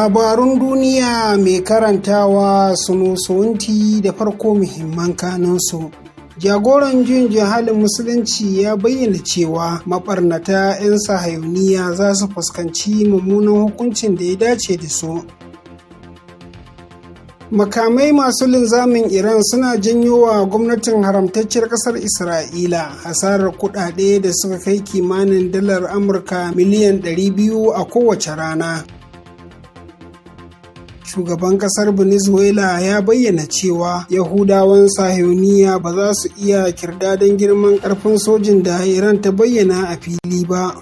Labarun duniya mai karantawa suno sunti da farko muhimman kanansu. Jagoran jin jihalin Musulunci ya bayyana cewa maɓarnata 'yan sahayuniya za su fuskanci mummunan hukuncin da ya dace da su. makamai masu linzamin iran suna janyo wa gwamnatin haramtacciyar kasar isra'ila hasarar kuɗaɗe da suka kai kimanin dalar amurka miliyan 200 a kowace rana shugaban kasar venezuela ya bayyana cewa yahudawan sahiyoniya ba za su iya kirda don girman karfin sojin da iran ta bayyana a fili ba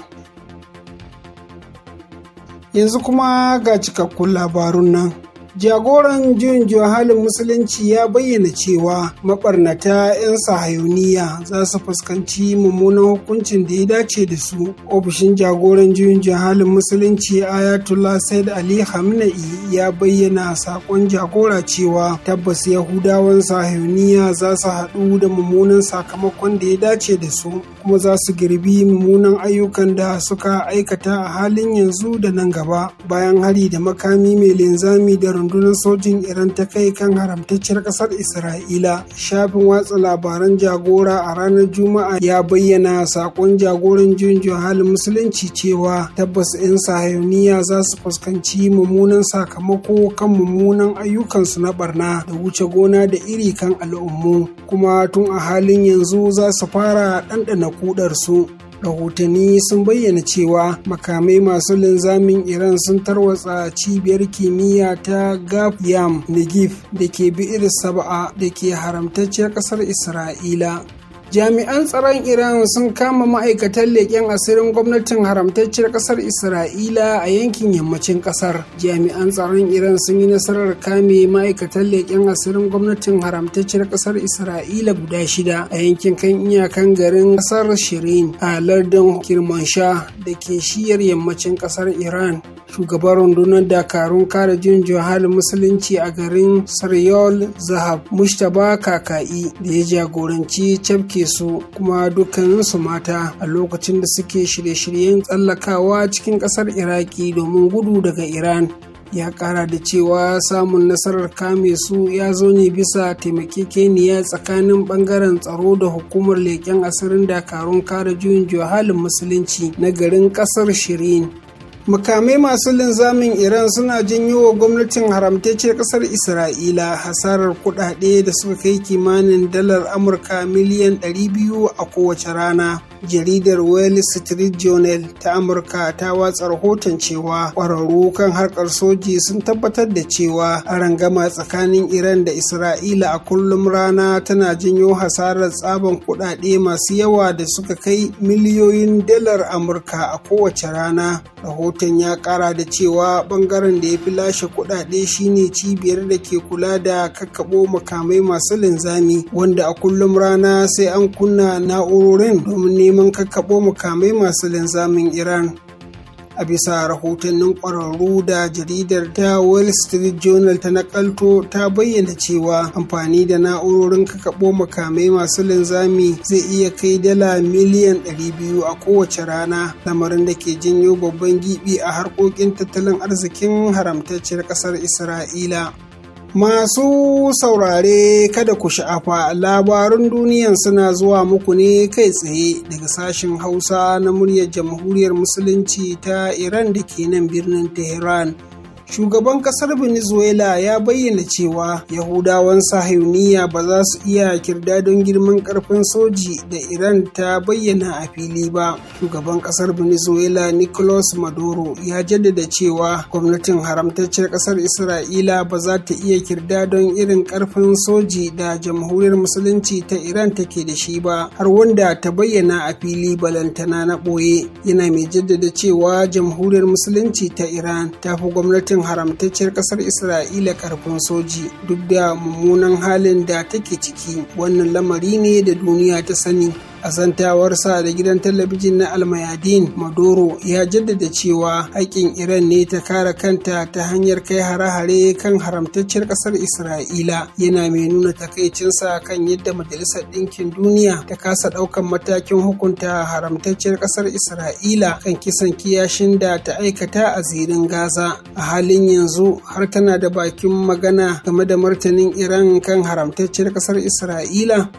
yanzu kuma ga cikakkun labarun nan jagoran juyin halin musulunci ya bayyana cewa mabarnata 'yan sahayoniya za su fuskanci mummunan hukuncin da ya dace da su ofishin jagoran juyin halin musulunci ayatollah said ali hamna'i ya bayyana sakon jagora cewa tabbas yahudawan sahayoniya za su haɗu da mummunan sakamakon da ya dace da su kuma za su girbi mummunan ayyukan da suka aikata a halin yanzu da nan gaba bayan hari da makami mai linzami da rundunar sojin iran ta kai kan haramtacciyar kasar isra'ila shafin watsa labaran jagora a ranar juma'a ya bayyana sakon jagoran jinjin halin musulunci cewa tabbas 'yan sahayoniya za su fuskanci mummunan sakamako kan mummunan ayyukansu na barna da wuce gona da iri kan al'ummu kuma tun a halin yanzu za su fara ɗanɗana kudarsu rahotanni sun bayyana cewa makamai masu linzamin iran sun tarwatsa cibiyar kimiyya ta gaf yam GIF) da ke bi'ir saba'a da ke haramtacciyar kasar isra'ila jami'an tsaron iran sun kama ma'aikatan leƙen asirin gwamnatin haramtacciyar ƙasar isra'ila a yankin yammacin ƙasar jami'an tsaron iran sun yi nasarar kame ma'aikatan leƙen asirin gwamnatin haramtacciyar ƙasar isra'ila guda shida a yankin kan iyakan garin ƙasar shirin a lardin kirmansha da ke shiyar yammacin ƙasar iran shugaban rundunar dakarun kare jin juhal musulunci a garin saryol zahab mushtaba kaka'i da ya jagoranci cafke suke so kuma dukkaninsu mata a lokacin da suke shirye-shiryen tsallakawa cikin ƙasar iraki domin gudu daga iran ya kara da cewa samun nasarar kame su ya zo ne bisa taimakekeniya tsakanin bangaren tsaro da hukumar leƙen asirin dakarun kare juyin juhalin musulunci na garin ƙasar shirin makamai masu linzamin iran suna janyo wa gwamnatin haramtacciyar kasar isra'ila hasarar kudade da suka kai kimanin dalar amurka miliyan 200 a kowace rana jaridar wall street journal ta amurka ta watsa rahoton cewa kwararru kan harkar soji sun tabbatar da cewa rangama tsakanin iran da isra'ila a kullum rana tana janyo hasarar tsaban kudade masu yawa da suka kai miliyoyin dalar amurka a kowace rana rahoton rahoton ya kara da cewa bangaren da ya fi lashe kudade shine cibiyar da ke kula da kakkabo makamai masu linzami wanda a kullum rana sai an kunna na'urorin domin neman kakkabo makamai masu linzamin iran a bisa rahotannin ƙwararru da jaridar ta wall street journal ta nakalto ta bayyana cewa amfani da na'urorin kakaɓo makamai masu linzami zai iya kai dala miliyan 200 a kowace rana lamarin da ke janyo babban gibi a harkokin tattalin arzikin haramtacciyar ƙasar isra'ila Masu saurare kada ku sha'afa labarun duniyan suna zuwa muku ne kai tsaye daga sashen Hausa na muryar Jamhuriyar Musulunci ta Iran da ke nan birnin Tehran. shugaban kasar venezuela ya bayyana cewa yahudawan sahiyuniya ba za su iya kirda don girman karfin soji da iran ta bayyana a fili ba shugaban kasar venezuela nicolas maduro ya jaddada cewa gwamnatin haramtacciyar kasar isra'ila ba za ta iya kirda don irin karfin soji da jamhuriyar musulunci ta iran take da shi ba har wanda ta bayyana a fili balantana na ɓoye yana mai jaddada cewa jamhuriyar musulunci ta iran ta fi gwamnatin gwamnatin haramtacciyar kasar isra'ila karfin soji duk da mummunan halin da take ciki wannan lamari ne da duniya ta sani a santawarsa da gidan talabijin na almayadin maduro ya jaddada cewa haƙƙin iran ne ta kare kanta ta hanyar kai hare-hare kan haramtacciyar ƙasar isra'ila yana mai nuna takaicinsa kan yadda majalisar ɗinkin duniya ta kasa ɗaukan matakin hukunta haramtacciyar ƙasar isra'ila kan kisan kiyashin da ta aikata a zirin gaza a halin yanzu har tana da bakin magana game da martanin iran kan haramtacciyar ƙasar isra'ila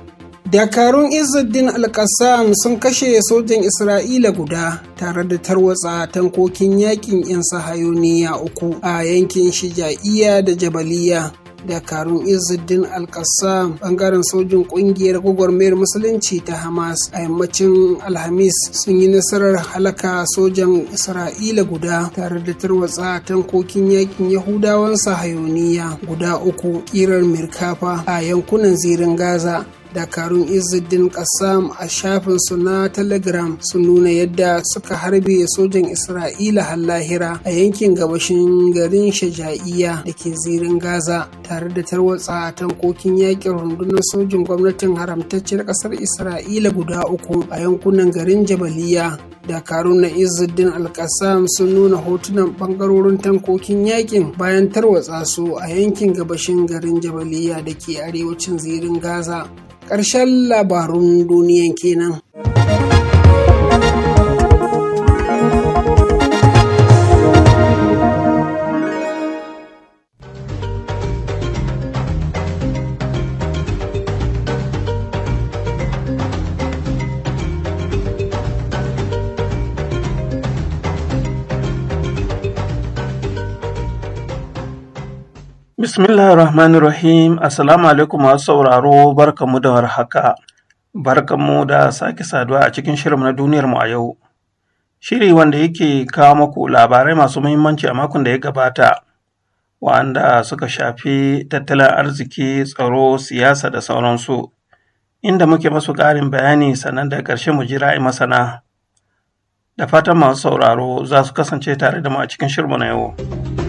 dakarun izzuddin alkassam sun kashe sojan isra'ila guda tare da tarwatsa tankokin yakin 'yan sahayoniya uku a yankin shija'iya da jabaliya dakarun izzuddin alkassam bangaren sojin kungiyar gwagwarmayar musulunci ta hamas a yammacin alhamis sun yi nasarar halaka sojan isra'ila guda tare da tarwatsa tankokin yakin yahudawan sahayoniya guda uku kirar mirkafa a yankunan zirin gaza dakarun izidin kasam a shafin su na telegram sun nuna yadda suka harbe sojan isra'ila hallahira a yankin gabashin garin shaja'iya da ke zirin gaza tare da tarwatsa a tankokin yakin rundunar sojin gwamnatin haramtacciyar kasar isra'ila guda uku a yankunan garin jabaliya dakarun na izuddin Alƙasa sun nuna hotunan bangarorin tankokin yakin bayan tarwatsa su a yankin gabashin garin jabaliya da ke arewacin zirin gaza ƙarshen labarun duniyan kenan. Bismillahir Rahmanir Rahim, Assalamu alaikum masu sauraro barkamu da warhaka. Barkamu da sake saduwa a cikin shirin na duniyar mu a yau. Shiri wanda yake kawo muku labarai masu muhimmanci a makon da ya gabata, wa'anda suka shafi tattalin arziki, tsaro, siyasa da sauransu, inda muke masu ƙarin bayani sannan da ƙarshe mu jira masana. Da fatan masu sauraro za su kasance tare da mu a cikin shirin na yau.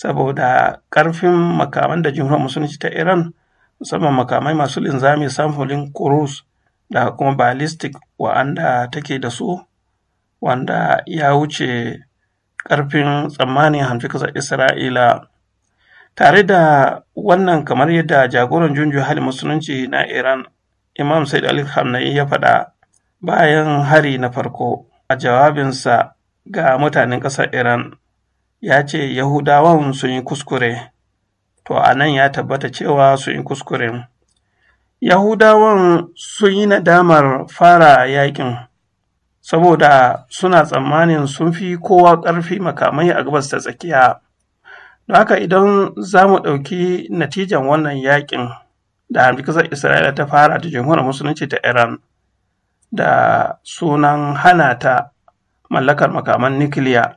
saboda ƙarfin makaman da jimhuriyar musulunci ta iran musamman makamai masu linzami samfulin kurus da kuma ballistic wa'anda take da su wanda ya wuce ƙarfin tsammanin hamshi ƙasar isra'ila tare da wannan kamar yadda jagoran junju hali musulunci na iran imam said ali hamnai ya faɗa bayan hari na farko a jawabinsa ga mutanen ƙasar iran ya ce Yahudawan sun yi kuskure, to a nan ya tabbata cewa sun yi kuskure. Yahudawan sun yi nadamar fara yaƙin, saboda suna tsammanin sun fi kowa ƙarfi makamai a gabas ta tsakiya. Don haka idan za mu ɗauki natijan wannan yaƙin da hamdukasar Isra'ila ta fara da jamhuriyar musulunci ta Iran da sunan hana ta mallakar makaman nukiliya.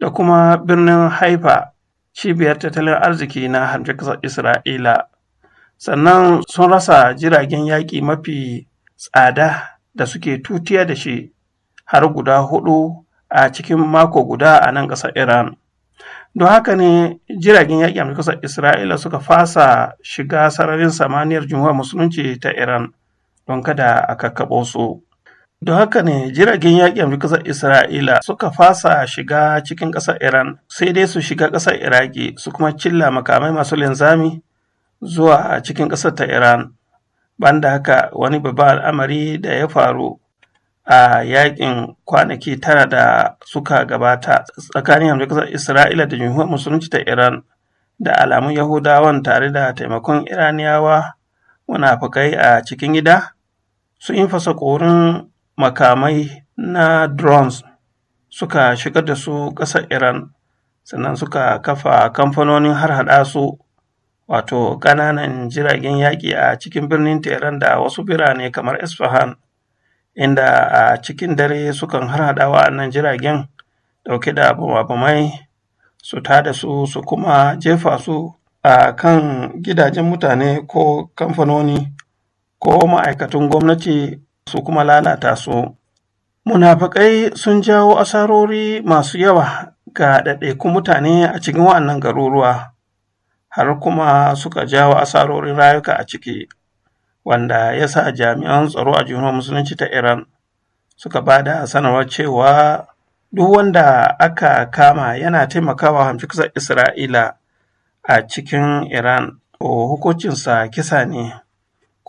da kuma birnin Haifa cibiyar tattalin arziki na hamshe Isra'ila. Sannan sun rasa jiragen yaƙi mafi tsada da suke tutiya da shi har guda hudu a cikin mako guda a nan ƙasar Iran. Don haka ne jiragen yaƙi a ƙasar Isra'ila suka fasa shiga sararin samaniyar jumhuriyar musulunci ta Iran don kada a kakkaɓo su. Don haka ne jiragen yaƙin ƙasar Isra'ila suka fasa shiga cikin ƙasar Iran sai dai su shiga ƙasar Iraki su kuma cilla makamai masu linzami zuwa cikin ƙasar ta Iran. Banda haka wani babban al'amari da ya faru a yaƙin kwanaki tara da suka gabata tsakanin ƙasar Isra'ila da jumhuriyar musulunci ta Iran da alamun Yahudawan tare da taimakon Iraniyawa munafukai a cikin gida sun yi fasa ƙorin makamai na drones suka shigar da su ƙasar Iran sannan suka kafa kamfanonin harhaɗa su wato ƙananan jiragen yaƙi a cikin birnin Tehran da wasu birane kamar Isfahan inda a cikin dare sukan har harhaɗa nan jiragen ɗauke da bumabumai su tada su su kuma jefa su a kan gidajen mutane ko kamfanoni ko ma'aikatan gwamnati su kuma lalata su. Munafakai sun jawo asarori masu yawa ga ɗaiɗaikun mutane a cikin wannan garuruwa, har kuma suka jawo asarorin rayuka a ciki, wanda ya sa jami'an tsaro a juna musulunci ta Iran suka ba da sanarwar cewa duk wanda aka kama yana taimakawa hamfikisar Isra'ila a cikin Iran, hukuncinsa kisa ne.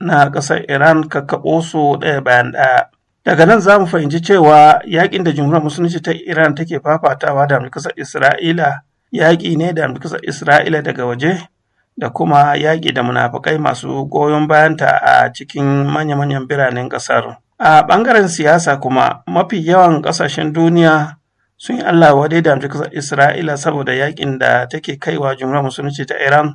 na ƙasar Iran kakaɓo su ɗaya bayan ɗaya. Daga nan za mu fahimci cewa yaƙin da jumhuriyar musulunci ta Iran take fafatawa da amurkasar Isra'ila yaƙi ne da amurkasar Isra'ila daga waje da kuma yaƙi da munafukai masu goyon bayanta a cikin manya-manyan biranen ƙasar. A ɓangaren siyasa kuma mafi yawan ƙasashen duniya sun yi Allah wadai da amurkasar Isra'ila saboda yaƙin da take kaiwa jumhuriyar musulunci ta Iran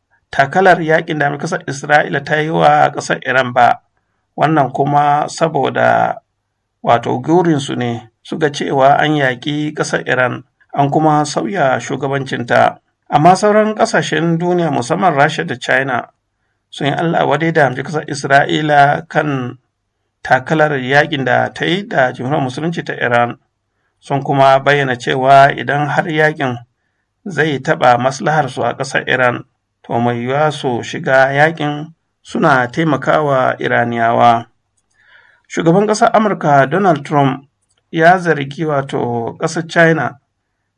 takalar yakin da kasar isra'ila ta yi wa kasar iran ba wannan kuma saboda wato gurinsu ne suka cewa an yaƙi kasar iran an kuma sauya shugabancinta amma sauran ƙasashen duniya musamman rasha da china sun yi allah wadai da hamji kasar isra'ila kan takalar yakin da ta yi da jimhuriyar musulunci ta iran sun kuma bayyana cewa idan har yakin zai taɓa maslaharsu a ƙasar iran to mai yiwuwa su shiga yaƙin suna taimakawa Iraniyawa. Shugaban ƙasar Amurka Donald Trump ya zargi wato ƙasar China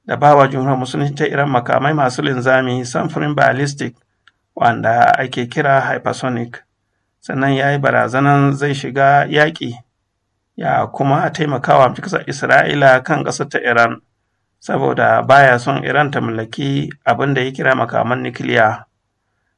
da bawa jumhuriyar musulunci ta Iran makamai masu linzami samfurin ballistic wanda ake kira hypersonic sannan ya yi barazanan zai shiga yaƙi ya kuma taimakawa ƙasar Isra'ila kan ƙasar ta Iran saboda baya son Iran ta mallaki abin da ya kira makaman nukiliya.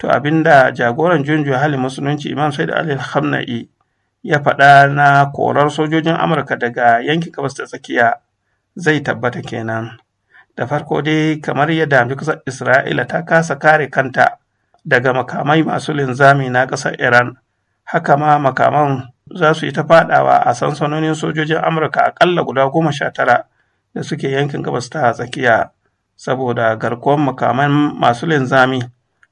To abinda jagoran junjo halin musulunci Imam Said Ali Khamenei ya faɗa na korar sojojin Amurka daga yankin gabas da tsakiya zai tabbata kenan. Da farko dai kamar yadda kusa Isra'ila ta kasa kare kanta daga makamai masu linzami na ƙasar Iran, haka ma makaman za su yi ta faɗawa a sansanonin sojojin Amurka aƙalla guda goma sha tara da suke yankin gabas ta tsakiya saboda garkuwar makaman masu linzami.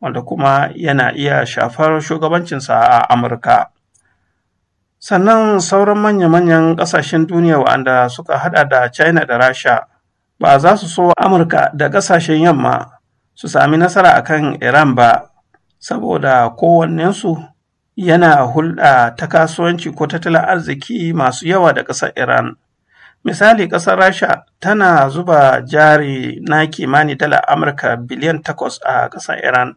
wanda kuma yana iya shafar shugabancinsa a Amurka. Sannan sauran manya-manyan ƙasashen duniya wa'anda suka hada da China da Rasha ba za su so Amurka da ƙasashen yamma su sami nasara a kan Iran ba, saboda kowannensu yana hulɗa ta kasuwanci ko tattalin arziki masu yawa da ƙasar Iran. Misali ƙasar Rasha tana zuba jari na kimanin dala Amurka biliyan takwas a ƙasar Iran.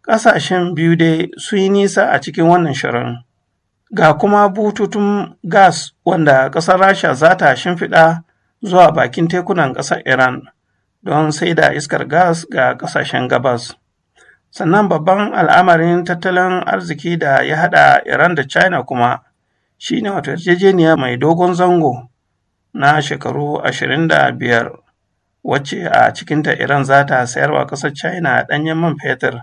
Ƙasashen biyu dai su yi nisa a cikin wannan shirin. Ga kuma bututun gas wanda ƙasar Rasha za ta shimfiɗa zuwa bakin tekunan ƙasar Iran don sai da iskar gas ga ƙasashen gabas. Sannan babban al'amarin tattalin arziki da ya haɗa Iran da China kuma shi ne wato yarjejeniya mai dogon zango na shekaru ashirin da biyar wacce a cikinta Iran za ta sayarwa ƙasar China ɗanyen man fetur.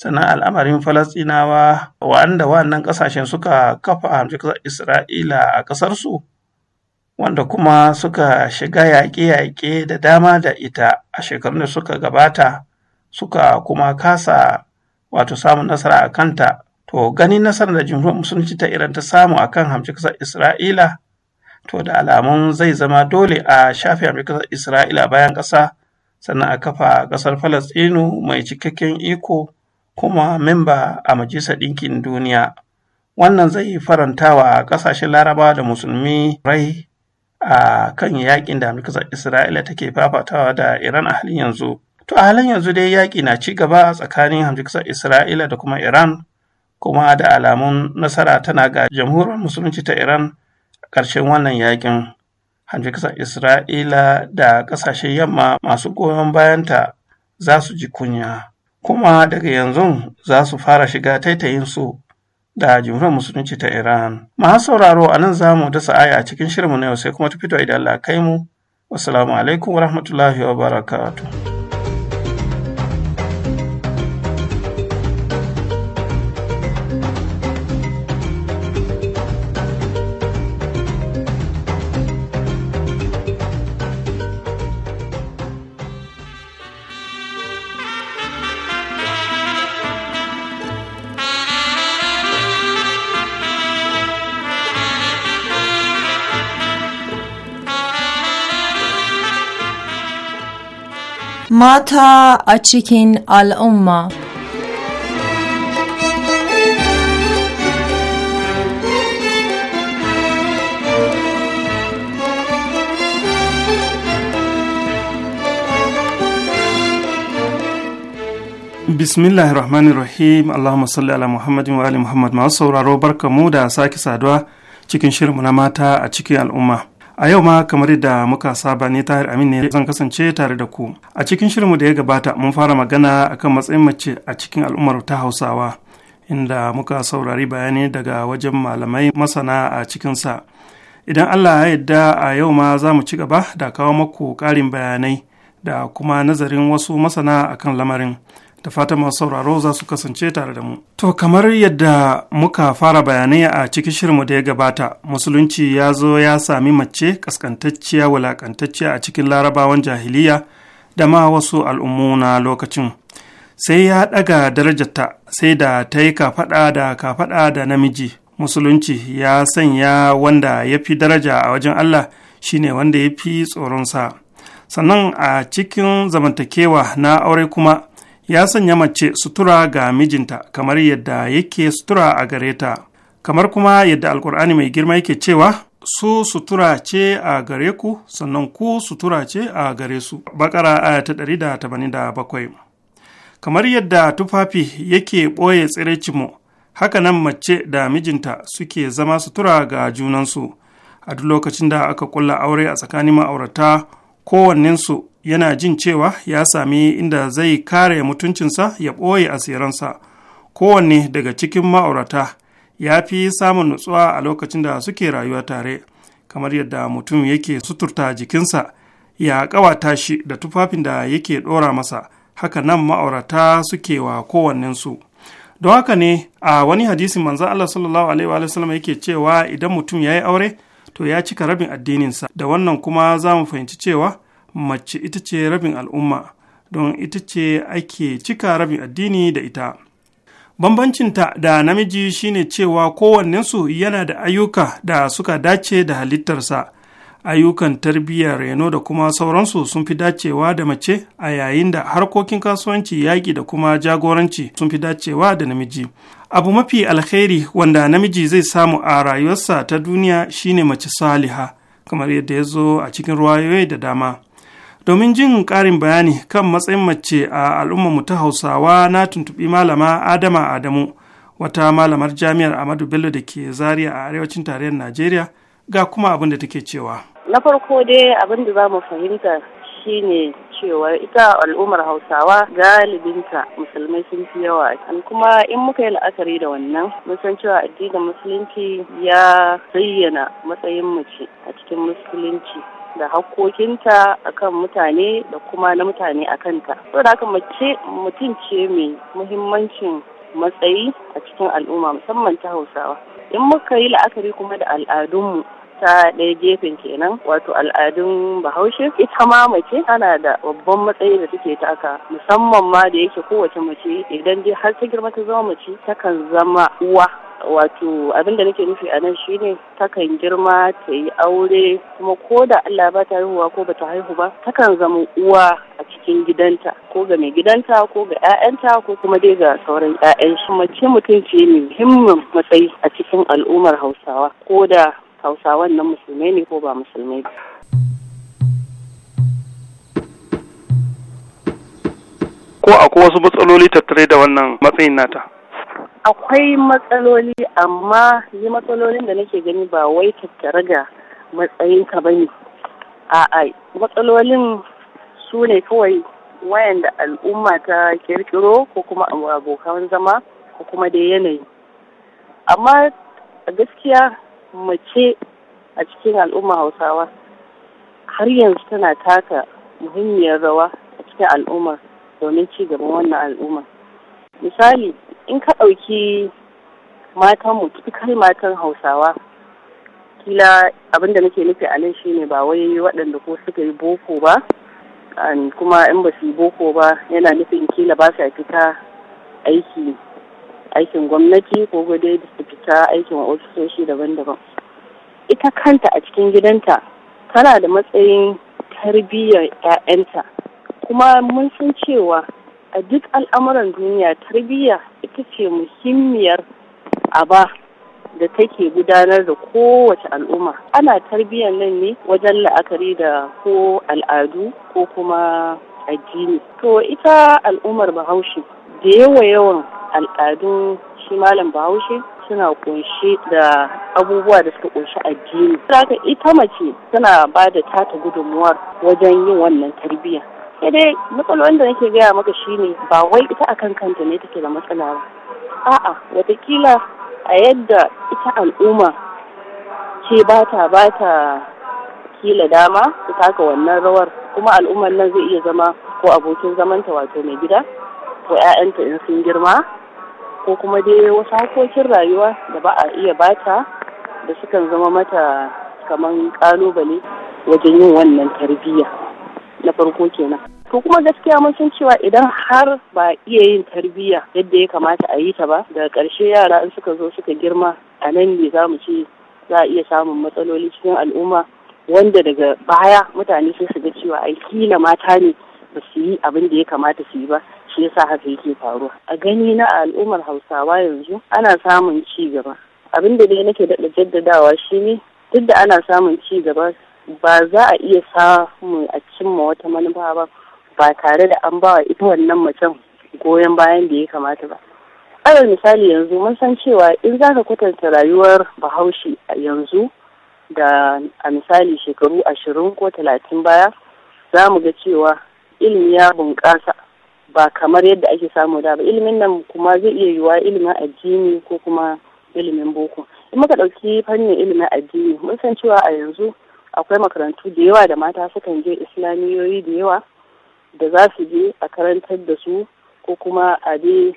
sannan al'amarin falastinawa wanda wannan ƙasashen suka kafa hamshin isra'ila a ƙasarsu wanda kuma suka shiga yaƙe-yaƙe da dama da ita a shekarun da suka gabata suka kuma kasa wato samun nasara a kanta to ganin nasarar da jumhuriyar musulunci ta iran ta samu a kan hamshin isra'ila to da alamun zai zama dole a shafe hamshin isra'ila bayan ƙasa sannan a kafa ƙasar falastinu mai cikakken iko kuma memba a Majalisar Ɗinkin Duniya. Wannan zai faranta wa ƙasashen Larabawa da Musulmi rai a kan yaƙin da amurka Isra'ila take fafatawa da Iran a halin yanzu. To a halin yanzu dai yaƙi na ci gaba tsakanin amurka Isra'ila da kuma Iran kuma da alamun nasara tana ga jamhuriyar musulunci ta Iran ƙarshen wannan yaƙin. Amurkar Isra'ila da ƙasashen yamma masu goyon bayanta za su ji kunya. kuma daga yanzu za su fara shiga su da jumhuriyar musulunci ta Iran. Masu sauraro a nan za zamu dasa aya a cikin shirinmu na yau sai kuma ta fito idan Allah kai mu. wasu alaikum warahmatullahi wabarakatuh. ماتا أتشكين الأمة bismillahi rahmanir rahim allahumma salli ala muhammadin wa ali muhammad masu sauraro barka mu da sake saduwa cikin shirinmu na mata a cikin al'umma A yau ma kamar da muka saba ne tahir amin ne zan kasance tare da ku. A cikin shirinmu da ya gabata mun fara magana akan matsayin mace a cikin al'ummar ta Hausawa inda muka saurari bayani daga wajen malamai masana a cikinsa. Idan Allah ya yarda a yau ma za mu ci gaba da kawo maku ƙarin bayanai da kuma nazarin wasu masana akan lamarin. da fata masu sauraro za su kasance tare da mu. To kamar yadda muka fara bayanai a cikin shirinmu da ya gabata, musulunci ya zo ya sami mace kaskantacciya wulakantacciya a cikin larabawan jahiliya da ma wasu al'ummu na lokacin. Sai ya ɗaga darajarta sai da ta yi kafaɗa da kafaɗa da namiji. Musulunci ya sanya wanda ya fi daraja a wajen Allah shine wanda ya fi tsoronsa. Sannan a cikin zamantakewa na aure kuma ya sanya mace sutura ga mijinta kamar yadda yake sutura a gare ta kamar kuma yadda alkur'ani mai girma yake cewa su sutura ce a gare ku sannan ku sutura ce a gare su bakara aya ta 187 kamar yadda tufafi yake ɓoye tsiraicinmu haka nan mace da mijinta suke zama sutura ga junansu a duk lokacin da aka kulla aure a tsakanin ma'aurata kowannensu yana jin cewa ya sami inda zai kare mutuncinsa ya ɓoye asiransa kowanne daga cikin ma'aurata ya fi samun nutsuwa a lokacin da suke rayuwa tare kamar yadda mutum yake suturta jikinsa ya ƙawata shi da tufafin da yake ɗora masa haka nan ma'aurata suke wa kowannensu don haka ne a wani hadisi manzan Allah sallallahu alaihi wa sallam yake cewa idan mutum ya yi aure to ya cika rabin addininsa da wannan kuma za mu fahimci cewa mace ita ce rabin al'umma don ita ce ake cika rabin addini da ita bambancinta da namiji shine cewa kowannensu yana da ayyuka da suka dace da halittarsa ayyukan tarbiyyar reno da kuma sauransu sun fi dacewa da mace a yayin da harkokin kasuwanci yaƙi da kuma jagoranci sun fi dacewa da namiji abu mafi alkhairi wanda namiji zai samu a rayuwarsa ta duniya shine mace saliha kamar yadda ya zo a cikin ruwayoyi da dama domin jin ƙarin bayani kan matsayin mace a al'ummarmu ta hausawa na tuntuɓi malama adama adamu wata malamar jami'ar amadu bello da ke zaria a arewacin tarayyar najeriya ga kuma abin da take cewa na farko dai abin da za mu fahimta shine cewa ita al'ummar hausawa galibinta musulmai sun fi yawa kuma in muka yi la'akari da wannan mun san cewa addinin musulunci ya zayyana matsayin mace a cikin musulunci da hakkokinta akan mutane da kuma na mutane a kanta. Saboda haka mace mutum ce mai muhimmancin matsayi a cikin al'umma musamman ta Hausawa. In muka yi la'akari kuma da al'adunmu ta ɗaya gefen kenan wato al'adun bahaushe ita ma mace tana da babban matsayi da take taka musamman ma da yake kowace mace idan dai har ta girma ta zama mace takan zama uwa wato abin da nake nufi a nan shine takan girma ta yi aure kuma ko da Allah ba ta haihuwa ko ba ta haihu ba takan zama uwa a cikin gidanta ko ga mai gidanta ko ga 'ya'yanta ko kuma dai ga sauran 'ya'yan shi mace mutum ce ne muhimmin matsayi a cikin al'ummar Hausawa ko da Hausawan nan musulmai ne ko ba musulmai ba. Ko akwai wasu matsaloli tattare da wannan matsayin nata? akwai matsaloli amma yi matsalolin da nake gani ba wai tattare da matsayinka bane ne a'a matsalolin su ne kawai wayanda al'umma ta kirkiro ko kuma abokan zama ko kuma da yanayi amma a gaskiya mace a cikin al'umma hausawa har yanzu tana taka muhimmiyar rawa a cikin al'umma domin ci gaban wannan al'umma misali in ka ɗauki matanmu typical matan hausawa kila abinda da nake nufi a nan shine ba wai waɗanda ko suka yi boko ba kuma in ba su yi boko ba yana nufin kila ba sa fita aiki aikin gwamnati ko gode su fita aikin ofisoshi daban-daban ita kanta a cikin gidanta tana da matsayin tarbiyyar 'ya'yanta kuma mun san cewa a duk al'amuran duniya tarbiyya ita ce muhimmiyar aba da take gudanar da kowace al'umma ana tarbiyyar nan ne wajen la'akari da ko al'adu ko kuma addini to ita al'ummar bahaushe da yawa yawan al'adun shi malam bahaushe suna kunshe da abubuwa da suka kunshi addini. Saka ita mace tana ba da tata gudunmuwar wajen yin wannan tarbiyya. sai dai matsalolin da nake gaya maka shine ba wai ita a kan kanta ne take da matsala ba a'a watakila a yadda ita al'umma ce ba ta ba ta kila dama su taka wannan rawar kuma al'ummar nan zai iya zama ko abokin zamanta wato mai gida ko 'ya'yanta in sun girma ko kuma dai wasu hakokin rayuwa da ba a iya ba ta da sukan zama mata kamar kalubale wajen yin wannan tarbiyya na farko kenan to kuma gaskiya mun san cewa idan har ba iya yin tarbiyya yadda ya kamata a yi ta ba daga ƙarshe yara in suka zo suka girma a nan ne za mu ce za a iya samun matsaloli cikin al'umma wanda daga baya mutane sai su ga cewa ai kila mata ne ba su yi abin da ya kamata su yi ba shi yasa haka yake faruwa a gani na al'ummar hausawa yanzu ana samun ci gaba abin da dai nake daɗa jaddadawa shi ne duk da ana samun ci gaba ba za a iya samun a cimma wata manufa ba ba tare da an bawa ita wannan macen goyon bayan da ya kamata ba alal misali yanzu mun san cewa in za ka kwatanta rayuwar bahaushe yanzu da a misali shekaru ashirin ko talatin baya za mu ga cewa ilimi ya bunƙasa ba kamar yadda ake samu da ba ilimin nan kuma zai iya yiwuwa ilimin addini ko kuma ilimin boko in muka ɗauki fannin ilimin addini mun san cewa a yanzu akwai makarantu da yawa da mata sukan je islamiyoyi da yawa da za su je a karantar da su ko kuma a dai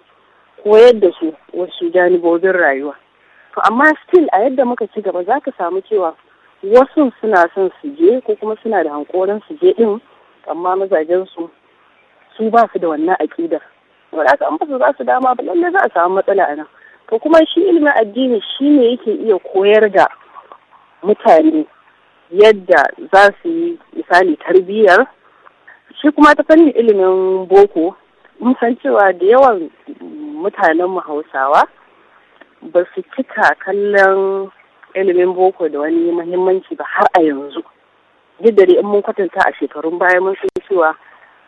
koyar da su wasu janibobin rayuwa to amma still a yadda muka ci gaba za ka samu cewa wasu suna son su je ko kuma suna da hankorin su je din amma mazajen su su ba su da wannan aƙidar wanda aka an basu za su dama ba lalle za a samu matsala a nan to kuma shi ilimin addini shi ne yake iya koyar da mutane yadda za su yi misali tarbiyyar shi kuma ta fannin ilimin boko san cewa da yawan mutanenmu hausawa ba su cika kallon ilimin boko da wani mahimmanci ba har a yanzu gidare in mun kwatanta a shekarun baya mun san cewa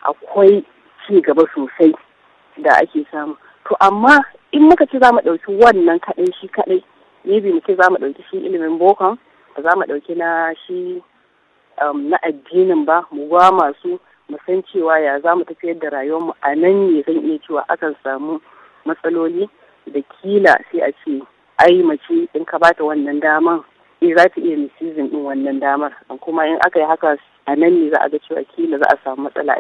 akwai ci gaba sosai da ake samu to amma in muka ci za mu ɗauki wannan kaɗai shi kaɗai ne bi muke za mu ɗauki shi ilimin bokon ba za mu ɗauki na shi um, na addinin ba mu ga masu mu san cewa ya za mu tafiyar da rayuwarmu a nan ne zan iya cewa akan samu matsaloli da kila sai a ce ai mace in ka bata wannan daman in eh, za ta iya misizin din wannan damar kuma in aka yi haka a nan ne za a ga cewa kila za a samu matsala.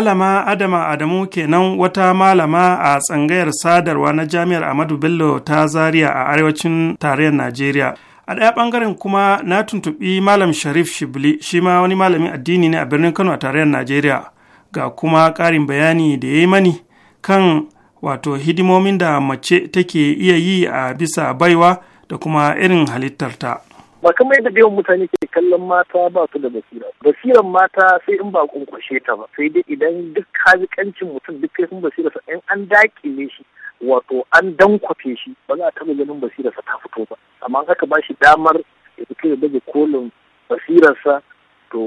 Malama Adama Adamu kenan wata malama a tsangayar sadarwa na Jami'ar Ahmadu Bello ta Zaria a arewacin tarayyar Najeriya. A ɗaya ɓangaren kuma na tuntuɓi Malam Sharif Shibli shi ma wani malamin addini ne a birnin Kano a tarayyar Najeriya ga kuma ƙarin bayani da ya yi mani kan wato hidimomin da mace take iya yi a bisa baiwa da kuma irin halittarta. ba kamar yadda da yawan mutane ke kallon mata ba su da basira basiran mata sai in ba kunkwashe ta ba sai dai idan duk hazikancin mutum duk basira basirarsa in an dakile shi wato an dankwafe shi ba za a taɓa ganin basirarsa ta fito ba amma haka ba shi damar ya fito da daga kolin basirarsa to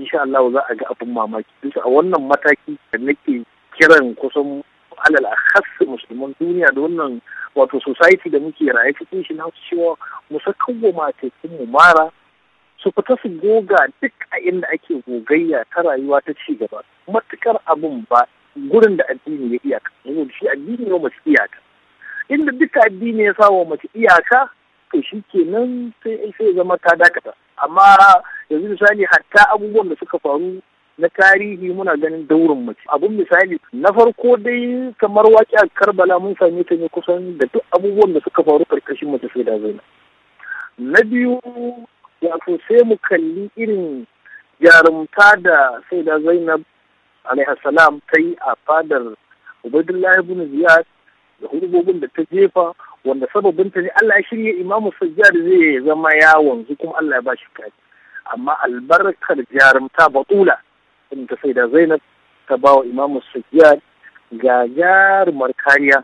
insha Allah za a ga abin mamaki a wannan mataki da nake kiran kusan alal akhas musulman duniya da wannan wato society da muke raye cikin shi na cewa mu sakawa matekun mu mara su fita su goga duk a inda ake gogayya ta rayuwa ta ci gaba matukar abin ba gurin da addini ya iyaka shi addini ya mace iyaka inda duka addini ya sawa mace iyaka to shi kenan sai sai zama ta dakata amma yanzu misali hatta abubuwan da suka faru na tarihi muna ganin daurin mace abun misali na farko dai kamar waƙi a karbala mun same ta ne kusan da duk abubuwan da suka faru karkashin mace sai da zaina na biyu wato sai mu kalli irin jarumta da sai da zainab alaihassalam ta yi a fadar ubaidullahi ibn ziyad da da ta jefa wanda ta ne Allah ya shirya imamu sajjad zai zama yawon kuma Allah ya ba shi kaji amma albarkar jarumta batula ɗin ta sai da zainab ta ba wa imamu sufiyar gagarumar kariya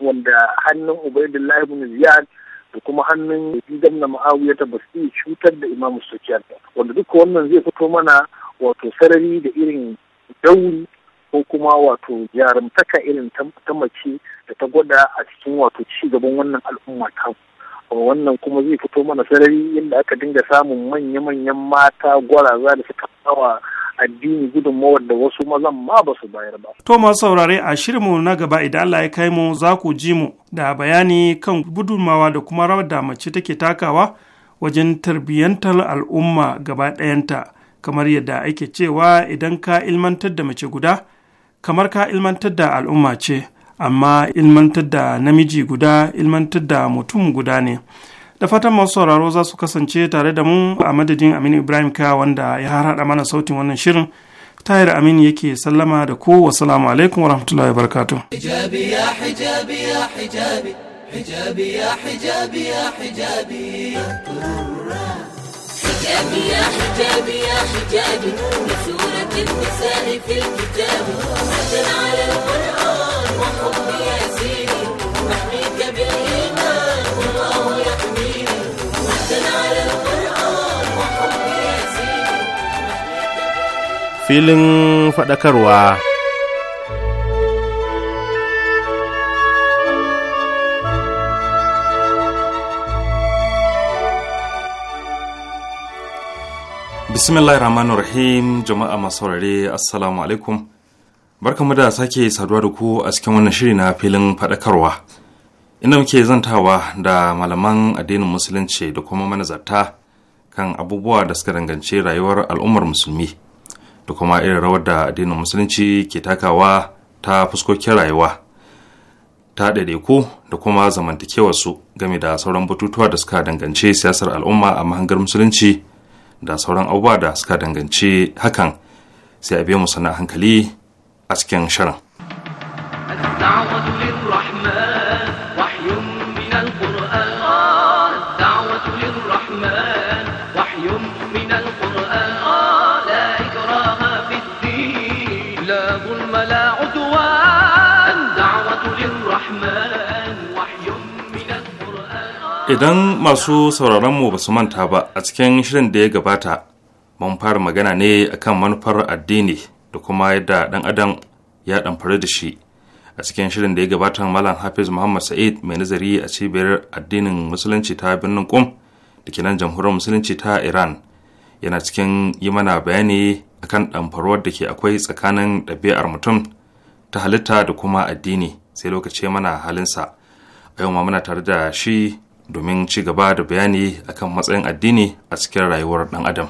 wanda hannun ubaidullahi ibn ziyad da kuma hannun gidan na ma'awiyar ta basu cutar da imamu sufiyar wanda duka wannan zai fito mana wato sarari da irin dauri ko kuma wato jarumtaka irin ta mace da ta gwada a cikin wato ci gaban wannan al'umma ta wannan kuma zai fito mana sarari inda aka dinga samun manya-manyan mata gwaraza da suka tsawa addini gudunmawar da wasu mazan ma ba su bayar ba. To masu saurare a shirinmu na gaba idan Allah ya kai mu za ku ji mu da bayani kan gudunmawa da kuma rawar da mace take takawa wajen tarbiyyantar al'umma gaba ɗayanta kamar yadda ake cewa idan ka ilmantar da mace guda kamar ka ilmantar da al'umma ce amma ilmantar da namiji guda ilmantar da mutum guda ne. da fatan masu sauraro za su kasance tare da mu a madadin aminu ibrahim ka wanda ya harhaɗa mana sautin wannan shirin tayar amin yake sallama da ku salamu alaikum wa rahmatullahi wa barakatu في الكتاب حتى على القرآن filin faɗakarwa. bismillahir rahim jama'a masu assalamu alaikum barkamu da sake saduwa da ku a cikin wannan shiri na filin faɗakarwa Ina muke zantawa da malaman addinin musulunci da kuma manazarta kan abubuwa da suka danganci rayuwar al'ummar musulmi da kuma irin rawar da addinin musulunci ke takawa ta fuskokin rayuwa ta ɗaiɗaiku da kuma su game da sauran batutuwa da suka danganci siyasar al'umma a mahangar musulunci da sauran abubuwa da suka danganci hakan sai a biya mu hankali a cikin shirin. idan masu sauraronmu ba su manta ba a cikin shirin da ya gabata mun fara magana ne akan manufar addini da kuma yadda dan adam ya damfari da shi a cikin shirin da ya gabata malam hafiz muhammad sa'id mai nazari a cibiyar addinin musulunci ta birnin kum da ke nan jamhuriyar musulunci ta iran yana cikin yi mana bayani akan ɗamfarwar da ke akwai tsakanin ɗabi'ar mutum ta halitta da kuma addini sai lokaci mana halinsa a yau ma muna tare da shi domin ci gaba da bayani akan matsayin addini a cikin rayuwar ɗan adam.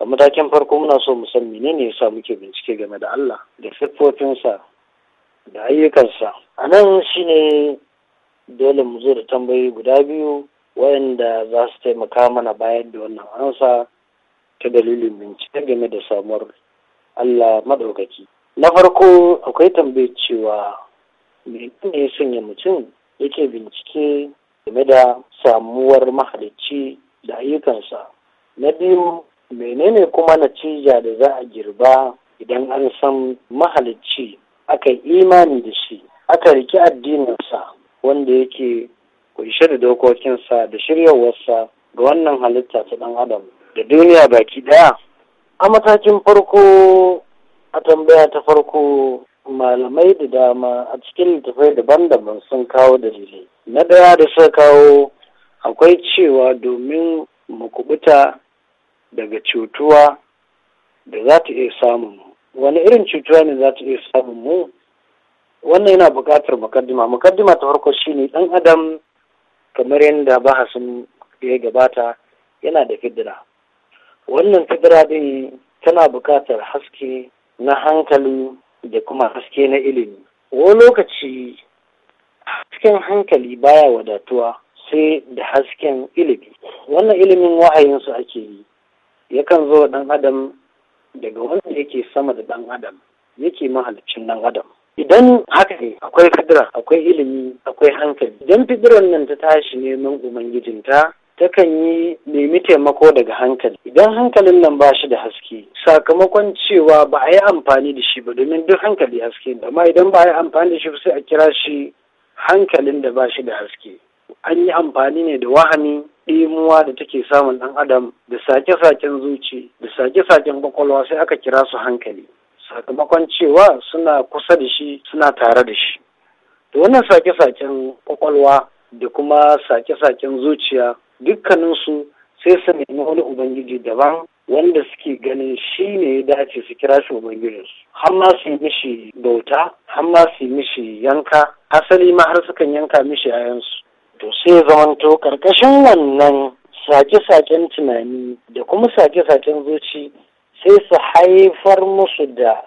a matakin farko muna so mu san menene yasa muke bincike game da Allah da siffofinsa da ayyukansa a nan ne dole mu zo da tambayi guda biyu wayanda za su taimaka mana bayan da wannan ansa ta dalilin bincike game da samuwar Allah maɗaukaki. Na farko akwai tambayar cewa menene ya sanya mutum yake bincike game da samuwar mahalicci da ayyukansa na biyu menene kuma natija da za a girba idan an san mahalicci aka yi imani da shi aka riki addininsa wanda yake kunshe da dokokinsa da shiryawarsa ga wannan halitta ta ɗan adam da duniya baki ɗaya a matakin farko a tambaya ta farko malamai da dama a cikin littattafai daban-daban sun kawo dalilai na daya da suka kawo akwai cewa domin mu kubuta daga cutuwa da za ta iya samun mu wani irin cutuwa ne za ta iya samun mu wannan yana buƙatar mukaddima mukaddima ta farko shine ɗan adam kamar yadda bahasin ya gabata yana da fidira wannan fidira din tana buƙatar haske na hankali da kuma haske na ilimi wani lokaci hasken hankali baya wadatuwa sai da hasken ilimi wannan ilimin wahayinsu ake yi yakan zo ɗan adam daga wanda yake sama da ɗan adam yake mahalicin ɗan adam idan haka ne akwai fidira akwai ilimi akwai hankali idan fidiran nan ta tashi neman ubangijinta takan yi nemi taimako daga hankali idan hankalin nan ba shi da haske sakamakon cewa ba a yi amfani da shi ba domin duk hankali haske ne amma idan ba a yi amfani da shi sai a kira shi hankalin da ba shi da haske an yi amfani ne da wahani ɗimuwa da take samun ɗan adam da sake-saken zuci da sake-saken kwakwalwa sai aka kira su hankali sakamakon cewa suna kusa da shi suna tare da shi da wannan sake-saken kwakwalwa da kuma sake-saken zuciya dukkaninsu sai su nemi wani ubangiji daban wanda suke ganin shi ne ya dace su kira shi ubangijinsu har ma su yi mishi bauta har ma su yi mishi yanka asali ma har sukan yanka mishi yayansu to sai zamanto karkashin wannan sake-saken tunani da kuma sake-saken zuci sai su haifar musu da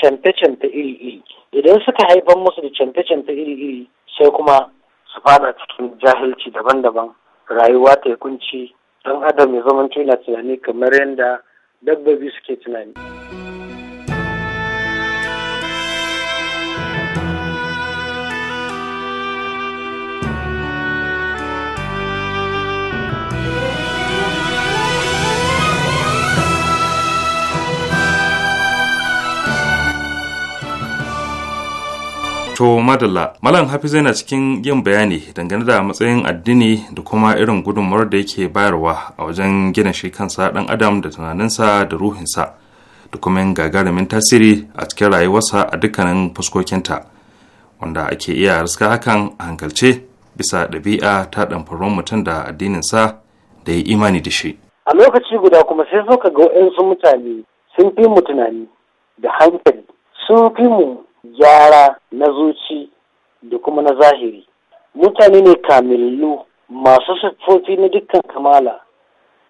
canfe-canfe iri-iri idan suka haifar musu da canfe-canfe iri-iri sai kuma su fada cikin jahilci daban-daban rayuwa ta kunci don adam ya zama tunani kamar yadda dabbobi suke tunani. To madalla, Malam Hafizu yana cikin yin bayani dangane da matsayin addini da kuma irin gudunmawar da yake bayarwa a wajen gina shi kansa ɗan adam da tunaninsa da ruhinsa da kuma yin gagarumin tasiri a cikin rayuwarsa a dukkanin fuskokinta wanda ake iya riska hakan a hankalce bisa ɗabi'a ta faruwar mutum da addininsa da ya imani da shi. A lokaci guda kuma sai suka ka ga wayansu mutane sun fi mu tunani da hankali sun fi mu gyara na zuci da kuma na zahiri mutane ne kamillu masu siffofi na dukkan kamala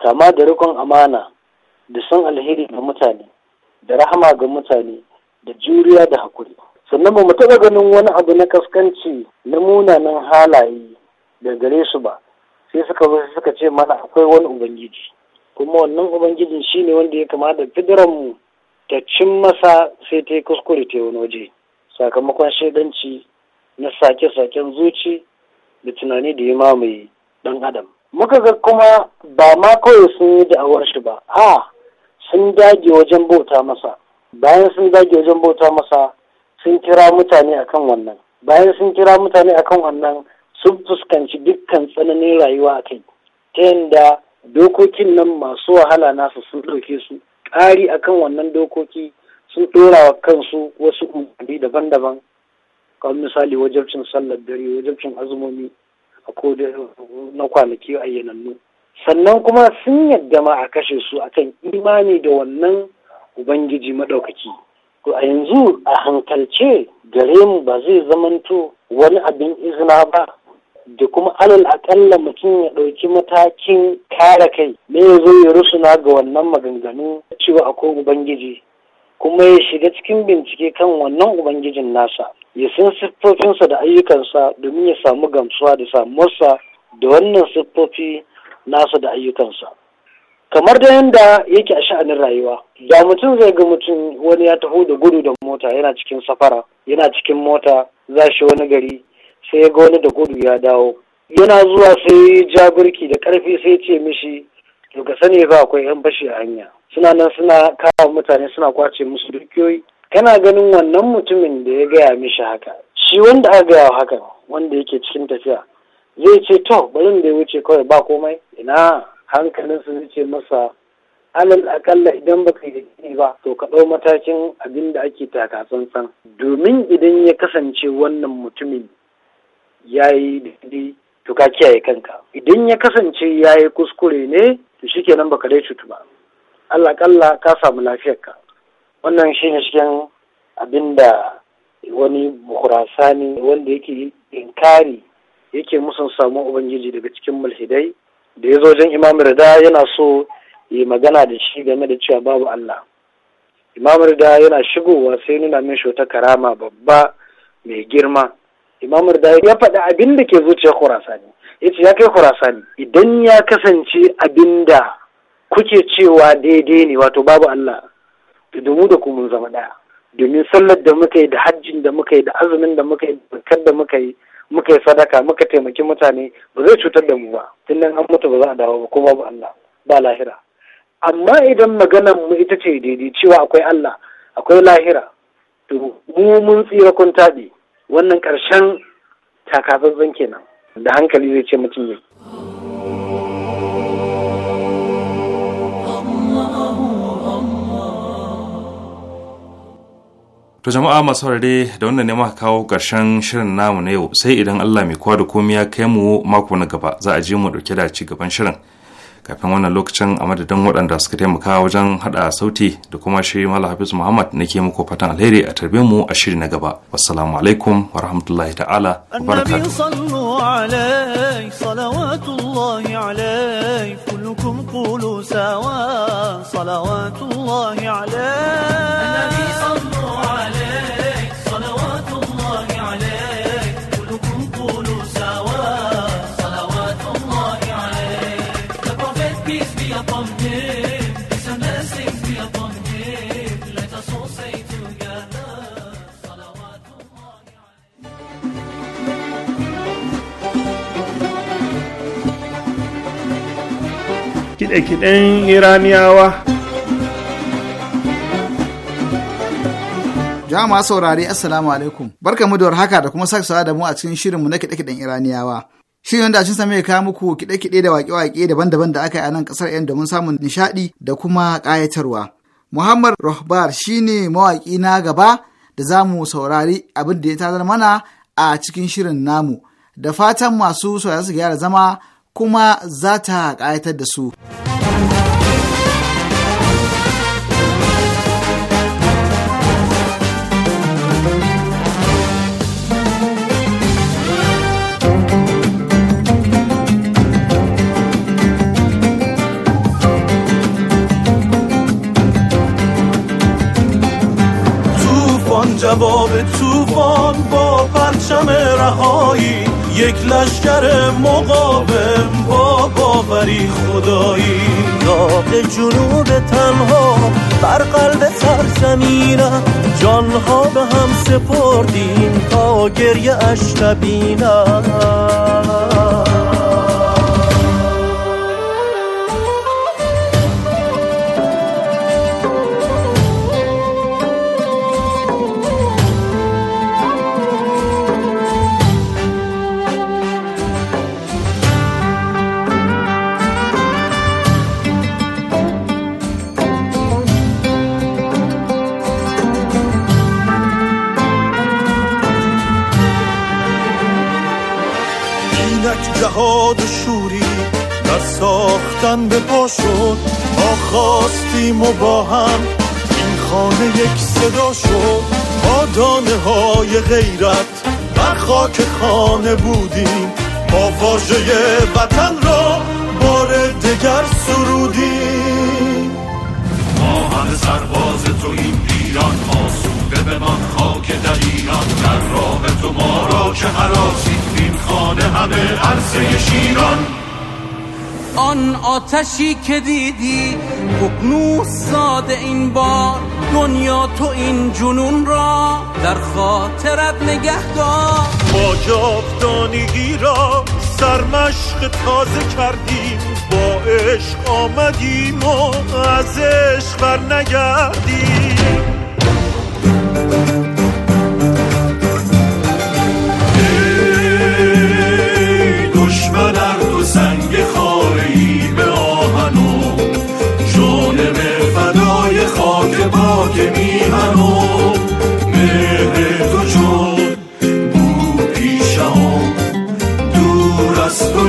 kama da rikon amana da son alheri ga mutane da rahama ga mutane da juriya da hakuri sannan ba mu taɓa ganin wani abu na kaskanci na munanan halaye da gare su ba sai suka zo suka ce mana akwai wani ubangiji kuma wannan ubangijin shine wanda ya kama da fidiranmu ta cin masa sai ta yi kuskure ta wani waje sakamakon shaidanci na sake-saken zuci da tunani da ya mamaye ɗan adam muka ga kuma ba ma kawai sun yi da'awar shi ba a sun dage wajen bauta masa bayan sun dage wajen bauta masa sun kira mutane akan wannan bayan sun kira mutane akan wannan sun fuskanci dukkan tsananin rayuwa a kai ta yadda dokokin nan masu wahala nasu sun ɗauke su ƙari akan wannan dokoki sun ɗora wa kansu wasu umarni daban-daban kamar misali wajabcin sallar dare wajabcin azumomi a na kwanaki ayyanannu sannan kuma sun yadda ma a kashe su akan imani da wannan ubangiji maɗaukaki to a yanzu a hankalce gare mu ba zai zamanto wani abin izina ba da kuma alal akalla mutum ya ɗauki matakin kare kai Me ya zo ya rusuna ga wannan maganganu cewa akwai ubangiji kuma ya shiga cikin bincike kan wannan ubangijin nasa ya san siffofinsa da ayyukansa domin ya samu gamsuwa da samuwarsa da wannan siffofi nasa da ayyukansa kamar da yadda yake a sha'anin rayuwa da mutum zai ga mutum wani ya taho da gudu da mota yana cikin safara yana cikin mota za shi wani gari sai ya ga wani da gudu ya dawo yana zuwa sai ya ja birki da karfi sai ya ce mishi to ka sani ba akwai yan bashi a hanya suna nan suna kawo mutane suna kwace musu dukiyoyi kana ganin wannan mutumin da ya gaya mishi haka shi wanda a gaya haka wanda yake cikin tafiya zai ce to bari da ya wuce kawai ba komai ina hankalinsa zai ce masa alal akalla idan baka yi ba to ka ɗau matakin abin da ake taka tsantsan domin idan ya kasance wannan mutumin ya yi daidai to ka kiyaye kanka idan ya kasance ya yi kuskure ne to shi kenan baka dai cutu ba Allah kalla ka samu ka wannan shi ne cikin abinda wani bukurasani wanda yake inkari yake musu samun ubangiji daga cikin mulhidai da ya zo wajen imam rida yana so yi magana da shi game da cewa babu Allah imam rida yana shigowa sai nuna min shi wata karama babba mai girma imamur da ya faɗi abin da ke zuciyar khurasani ya ce ya kai khurasani idan ya kasance abin da kuke cewa daidai ne wato babu allah to domin da ku mun zama ɗaya domin sallar da muka yi da hajjin da muka yi da azumin da muka yi da zakar da muka yi muka yi sadaka muka taimaki mutane ba zai cutar da mu ba tun nan an mutu ba za a dawo ba ko babu allah ba lahira amma idan maganar mu ita ce daidai cewa akwai allah akwai lahira to mu mun tsira kun taɓe wannan ƙarshen takatsantsan kenan da hankali zai ce mutum yau To jama'a masu saurare da wannan ne ma kawo ƙarshen shirin namu na yau sai idan Allah mai kowa da komai ya kai mu mako na gaba za a je mu dauke da ci gaban shirin. kafin wannan lokacin a madadin waɗanda suka taimaka wajen haɗa sauti da kuma shi mala hafiz muhammad na ke muku fatan alheri a tarbe mu a shiri na gaba wassalamu alaikum wa rahmatullahi ta'ala wa kiɗe-kiɗen iraniyawa jama'a saurari assalamu alaikum barkamu da haka da kuma sake da mu a cikin shirinmu na kiɗe-kiɗen iraniyawa shirin yadda cin same kawo muku kiɗe-kiɗe da waƙe-waƙe daban-daban da aka yi a nan ƙasar yan domin samun nishaɗi da kuma ƙayatarwa muhammad rohbar shine mawaƙi na gaba da za mu saurari abin da ya tazar mana a cikin shirin namu da fatan masu saurari su gyara zama kuma za ta ƙayatar da su. جواب توفان با پرچم رهایی یک لشکر مقابل با باوری خدایی داغ جنوب تنها بر قلب سرزمینم جانها به هم سپردیم تا گریه اش ساختن به پا شد ما خواستیم و با هم این خانه یک صدا شد با دانه های غیرت بر خاک خانه بودیم ما واژه وطن را بار دگر سرودیم ما همه سرباز تو این ایران آسوده به من خاک در ایران در راه تو ما را چه حراسی این خانه همه عرصه شیران آن آتشی که دیدی ققنوس ساده این بار دنیا تو این جنون را در خاطرت نگه دار با جاودانگی را سرمشق تازه کردیم با عشق آمدیم و از عشق نگردیم که میهن و مهر تو چون بو پیشم دور از تو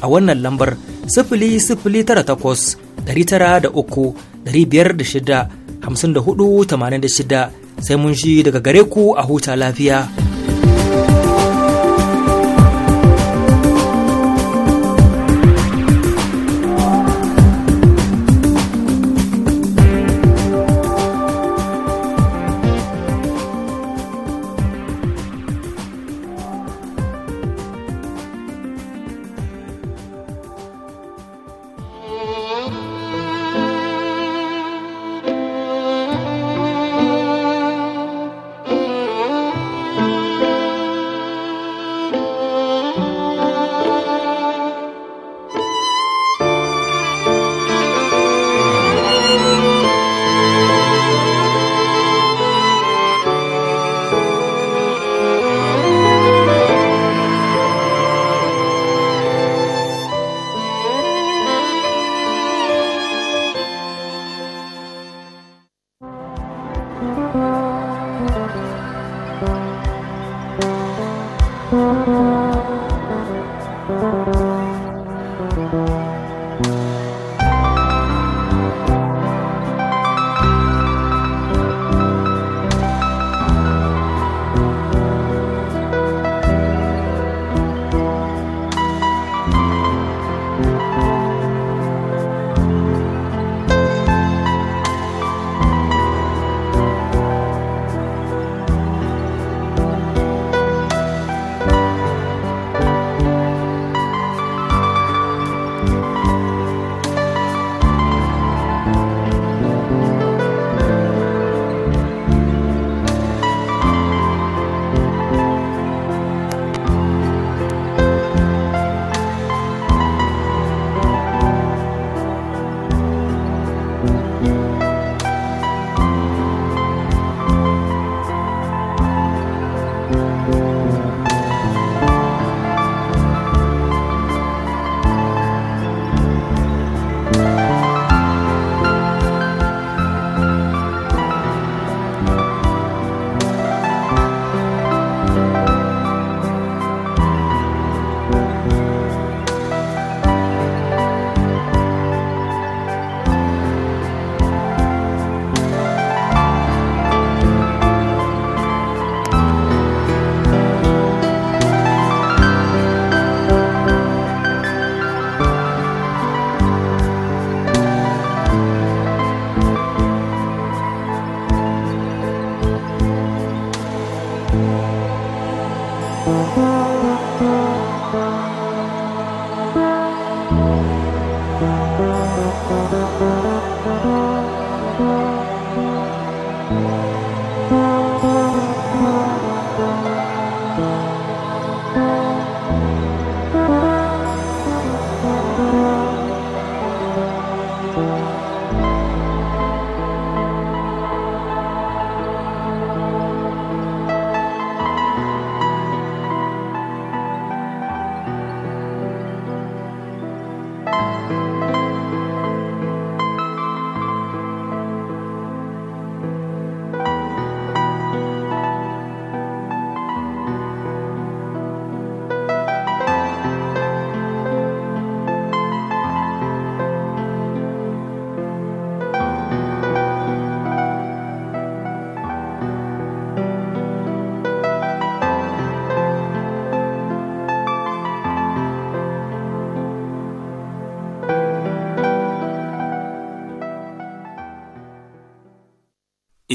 a wannan lambar sifili sifili tara takwas ɗari tara da uku ɗari biyar da shida hamsin da hudu tamanin da shida sai mun shi daga gare ku a huta lafiya.